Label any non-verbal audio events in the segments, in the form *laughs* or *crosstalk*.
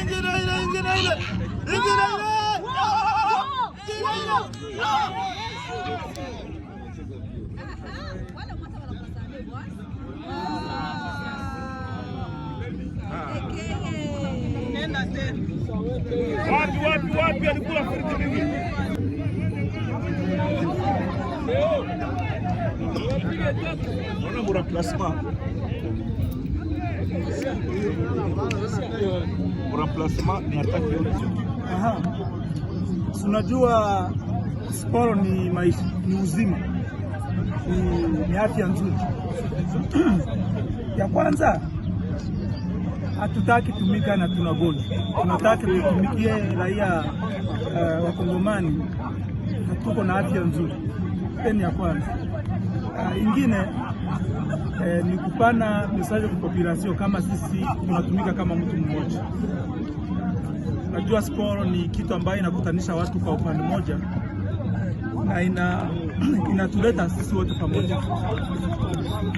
İndir öyle, indir öyle. İndir öyle. Wapi wapi wapi alikula fursa nyingi. Ona mura plasma remplacement ni attaque yote. Aha. Unajua sporo ni maisha, ni uzima, ni, ni afya nzuri *clears throat* ya kwanza hatutaki tumika na tunagoli, tunataka tutumikie raia uh, eh, Wakongomani. Hatuko na afya nzuri, teni ya kwanza uh, ingine e, ni kupana mesaje kwa population kama sisi tunatumika kama mtu mmoja. Najua sport ni kitu ambayo inakutanisha watu kwa upande mmoja na ina *clears throat* inatuleta sisi wote pamoja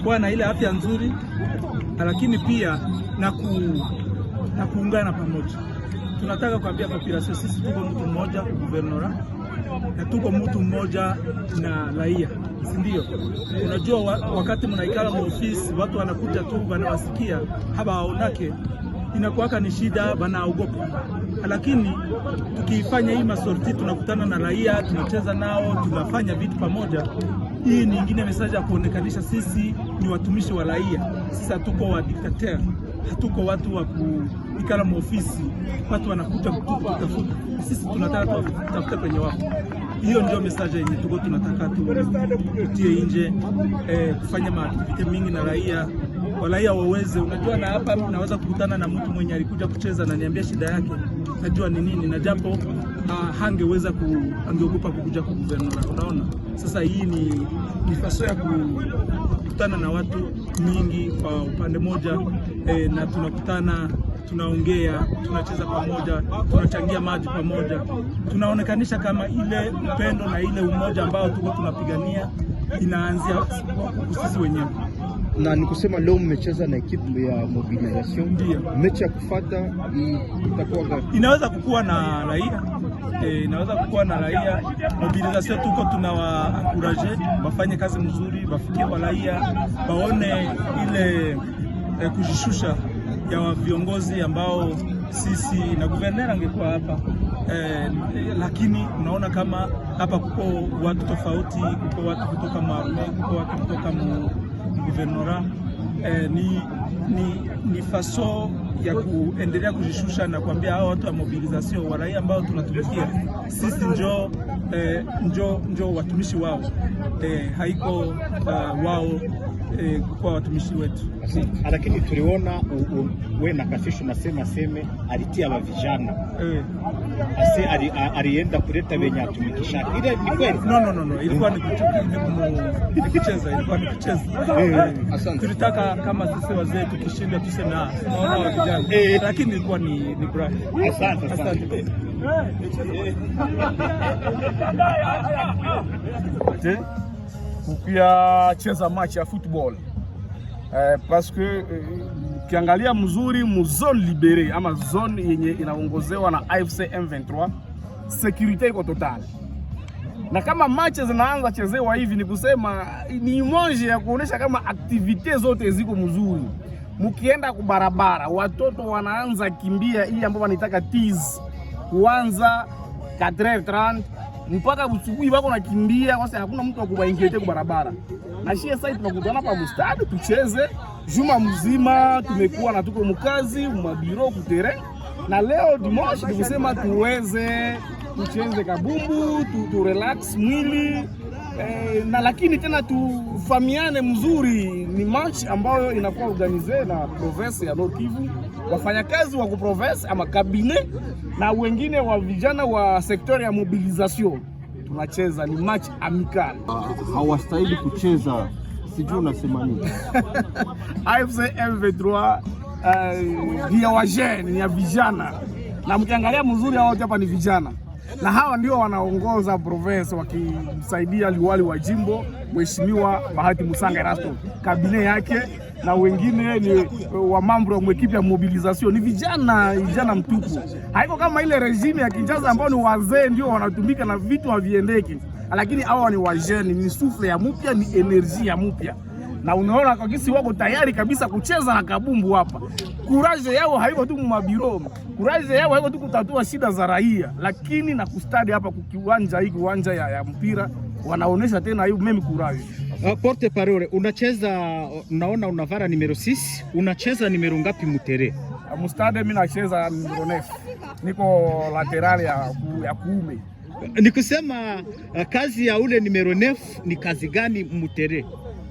kuwa na ile afya nzuri, lakini pia na, ku, na kuungana pamoja. Tunataka kuambia population sisi tuko mtu mmoja guvernora na tuko mtu mmoja na raia sindio ndio? Unajua wa, wakati mnaikala maofisi watu wanakuja tu wanawasikia waonake, inakuwaka ni shida, wanaogopa. Lakini tukiifanya hii masorti, tunakutana na raia, tunacheza nao, tunafanya vitu pamoja. Hii ni ingine mesaji ya kuonekanisha sisi ni watumishi wa raia. Sisi hatuko wa diktateur, hatuko watu wa kuikala maofisi watu wanakuja kutafuta. Sisi tunataka tutafute kwenye wako hiyo ndio message yenye tuko tunataka tutie nje eh, kufanya maaktivite mingi na raia waraia waweze, unajua, na hapa naweza kukutana na mtu mwenye alikuja kucheza na niambia shida yake, najua ni nini, na japo ah, hangeweza ku, angeogopa kukuja kwa guvernora. Unaona, sasa hii ni faso ya kukutana na watu mingi kwa upande moja eh, na tunakutana tunaongea, tunacheza pamoja, tunachangia maji pamoja, tunaonekanisha kama ile upendo na ile umoja ambao tuko tunapigania inaanzia sisi wenyewe na ni kusema leo mmecheza na ekipu ya mobilisation. Ndio mechi ya kufata itakuwa gani? Inaweza kukuwa na raia e, inaweza kukuwa na raia mobilisation. Tuko tunawaankuraje wafanye kazi mzuri, wafikie wa raia, waone ile e, kujishusha ya viongozi ambao sisi na guvernera angekuwa hapa eh, lakini unaona kama hapa kuko watu tofauti, kuko watu kutoka marume, kuko watu kutoka guvernora eh, ni, ni, ni faso ya kuendelea kujishusha na kuambia hao watu wa mobilization wa raia ambao tunatumikia sisi njo, eh, njo, njo watumishi wao eh, haiko uh, wao eh, kwa watumishi wetu. Lakini tuliona wewe na Kasisho nasema seme alitia wa vijana eh, Ase ali, alienda kuleta wenye atumikisha ile ni kweli? No, no, no, no. Ilikuwa ni kucheza, ilikuwa ni kucheza. Eh, eh. Eh, tulitaka kama sisi wazee tukishinda tuseme ah, tunaona wa vijana lakini ilikuwa ni ni kura. Asante, asante. Asante ukiyacheza match ya football eh, parce que eh, ukiangalia mzuri mu zone libere ama zone yenye inaongozewa na AFC M23 security iko total, na kama match zinaanza chezewa hivi, ni kusema ni moja ya kuonesha kama aktivite zote ziko mzuri. mukienda kubarabara, watoto wanaanza kimbia, hii ambao wanitaka tease kuanza 4h30 mpaka usubuhi wako nakimbia kwa sababu hakuna mtu akubaingete kwa barabara. Na shie sasa tunakutana hapa mstadi tucheze juma mzima, tumekuwa na tuko mkazi mabiro kutere, na leo Dimanche tukisema tuweze tucheze kabumbu tu, tu relax mwili eh, na lakini tena tufamiane mzuri. Ni match ambayo inakuwa organize na province ya Nord Kivu wafanyakazi wa kuprovense ama kabine na wengine wa vijana wa sektori ya mobilization. Tunacheza ni match amical, hawastahili kucheza. Sijui unasema nini? AFC *laughs* M23 eh, ni ya wajeni, ni ya vijana, na mkiangalia mzuri hao wote hapa ni vijana na hawa ndio wanaongoza province wakimsaidia liwali wa jimbo Mheshimiwa Bahati Musanga Erasto, kabine yake na wengine ni eh, wa mambo ya mwekipi ya mobilization, ni vijana vijana mtupu. Haiko kama ile regime ya Kinshasa ambao ni wazee ndio wanatumika na vitu haviendeki, lakini hawa ni wajeni, ni sufle ya mpya ni enerji ya mpya na unaona kwa kisi wako tayari kabisa kucheza na kabumbu hapa. Kuraje yao haiko tu mabiro, kuraje yao haiko tu kutatua shida za raia, lakini na kustadi hapa kukiwanja hiki uwanja ya, ya mpira wanaonesha tena hiyo mimi kuraje. Uh, porte parole unacheza, naona unavara numero 6 unacheza numero ngapi mutere? Uh, mustade mimi nacheza numero 9 niko lateral ya, ya kuume. Nikusema uh, kazi ya ule numero 9 ni kazi gani mutere?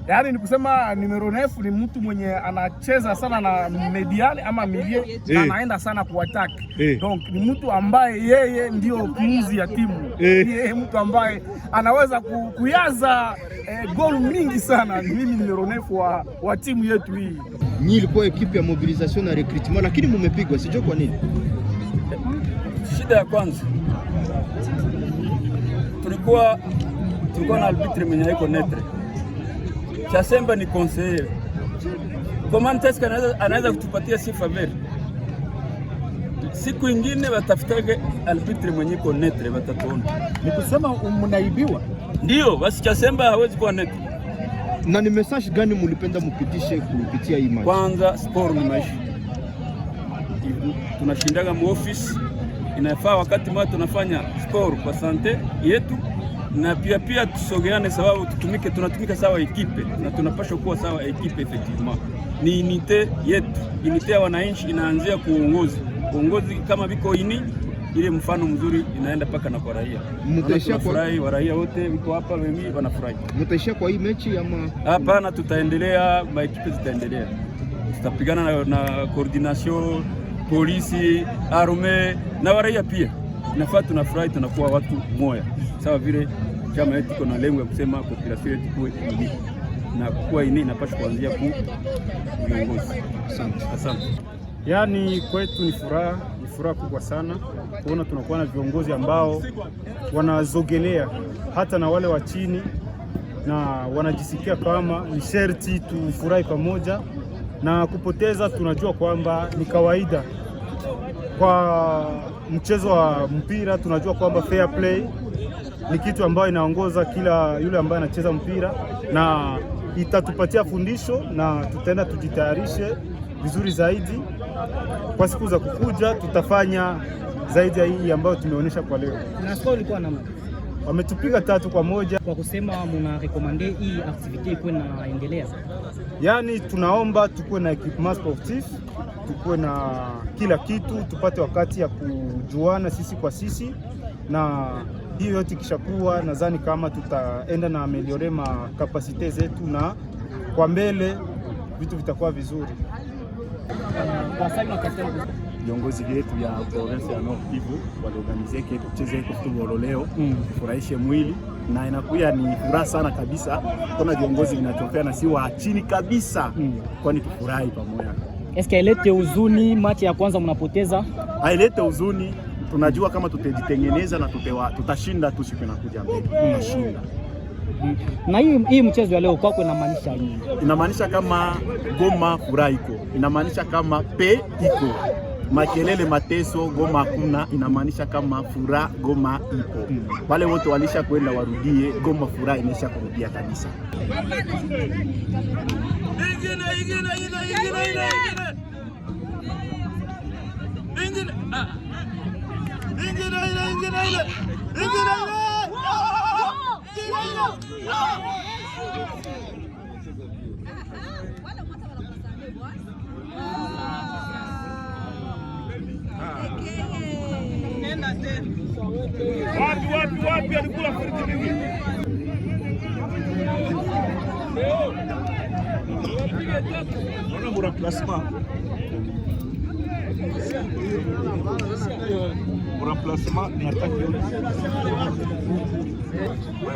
Yaani ni kusema Numero ni mtu mwenye anacheza sana na mediani ama milie eh. na anaenda sana kuattack. Eh. Donc ni mtu ambaye yeye ndio kuuzi ya timu. Eh. Yeye mtu ambaye anaweza kuyaza eh, goal mingi sana. Mimi Numero wa, wa timu yetu hii. Nyinyi ilikuwa ekipe ya mobilisation na recruitment lakini mumepigwa sijui kwa nini. Shida ya kwanza tulikuwa tulikuwa na arbitre mwenye iko netre Chasemba ni konseye komani anaweza, anaweza kutupatia sifa veri. Siku ingine watafutaga albitre mwenye ko netre watatuona. Ni kusema mnaibiwa? Ndio, basi Chasemba hawezi kuwa netre. Na ni message gani mulipenda mupitishe kupitia hii match? Kwanza sport ni maisha. Tunashindaga mu office, inafaa wakati mwa tunafanya sport kwa sante yetu na pia pia tusogeane, sababu tutumike, tunatumika sawa ekipe na tunapaswa kuwa sawa ekipe. Effectivement ni unite yetu, unite ya wananchi inaanzia kuongozi, uongozi kama viko ini ile mfano mzuri inaenda mpaka na kwa raia. Tunafurahi kwa... raia wote wiko hapa wengi wanafurahi. Mtaishia kwa hii mechi ama hapana? Tutaendelea, maekipe zitaendelea, tutapigana na, na coordination polisi, arme na waraia pia nafaa tunafurahi, tunakuwa watu moya, sawa vile chama yetu iko na lengo ya kusema population yetu kuwe ini na kuwa ini inapaswa kuanzia ku viongozi. Asante. Yaani kwetu ni furaha, ni furaha kubwa sana kuona tunakuwa na viongozi ambao wanazogelea hata na wale wa chini na wanajisikia kama ni sherti tufurahi pamoja, na kupoteza tunajua kwamba ni kawaida kwa mchezo wa mpira tunajua kwamba fair play ni kitu ambayo inaongoza kila yule ambaye anacheza mpira, na itatupatia fundisho na tutaenda tujitayarishe vizuri zaidi kwa siku za kukuja. Tutafanya zaidi ya hii ambayo tumeonyesha kwa leo. Wametupiga tatu kwa moja. Kwa kusema mna rekomande hii activity ikuwe inaendelea, yaani tunaomba tukuwe na equipment sportif tukuwe na kila kitu, tupate wakati ya kujuana sisi kwa sisi, na hiyo yote ikishakuwa, nadhani kama tutaenda na ameliore kapasite zetu, na kwa mbele vitu vitakuwa vizuri. Viongozi vyetu ya province ya North Kivu waliorganize tucheze football leo, mm. furahishe mwili na inakuya ni furaha sana kabisa, kuna viongozi vinatokea na si wa chini kabisa, mm. kwani tufurahi pamoja. Eske ailete huzuni machi ya kwanza mnapoteza? Ah, ailete huzuni tunajua kama tutajitengeneza na tutewa, tutashinda tu siku inakuja mbele, tunashinda mm. na hii, hii mchezo ya leo kwako inamaanisha nini? Inamaanisha kama Goma furaha iko, inamaanisha kama pe iko, makelele mateso Goma hakuna, inamaanisha kama furaha Goma ipo. Mm. Wale wote walisha kwenda warudie Goma, furaha inaisha kurudia kabisa ingine ingine ingine ingine yaani ingine ingine ah. ingine ingine ingine ingine Wapi wapi wapi alikula furiti mingi Ona remplacement. Remplacement ni attaque yote. Wewe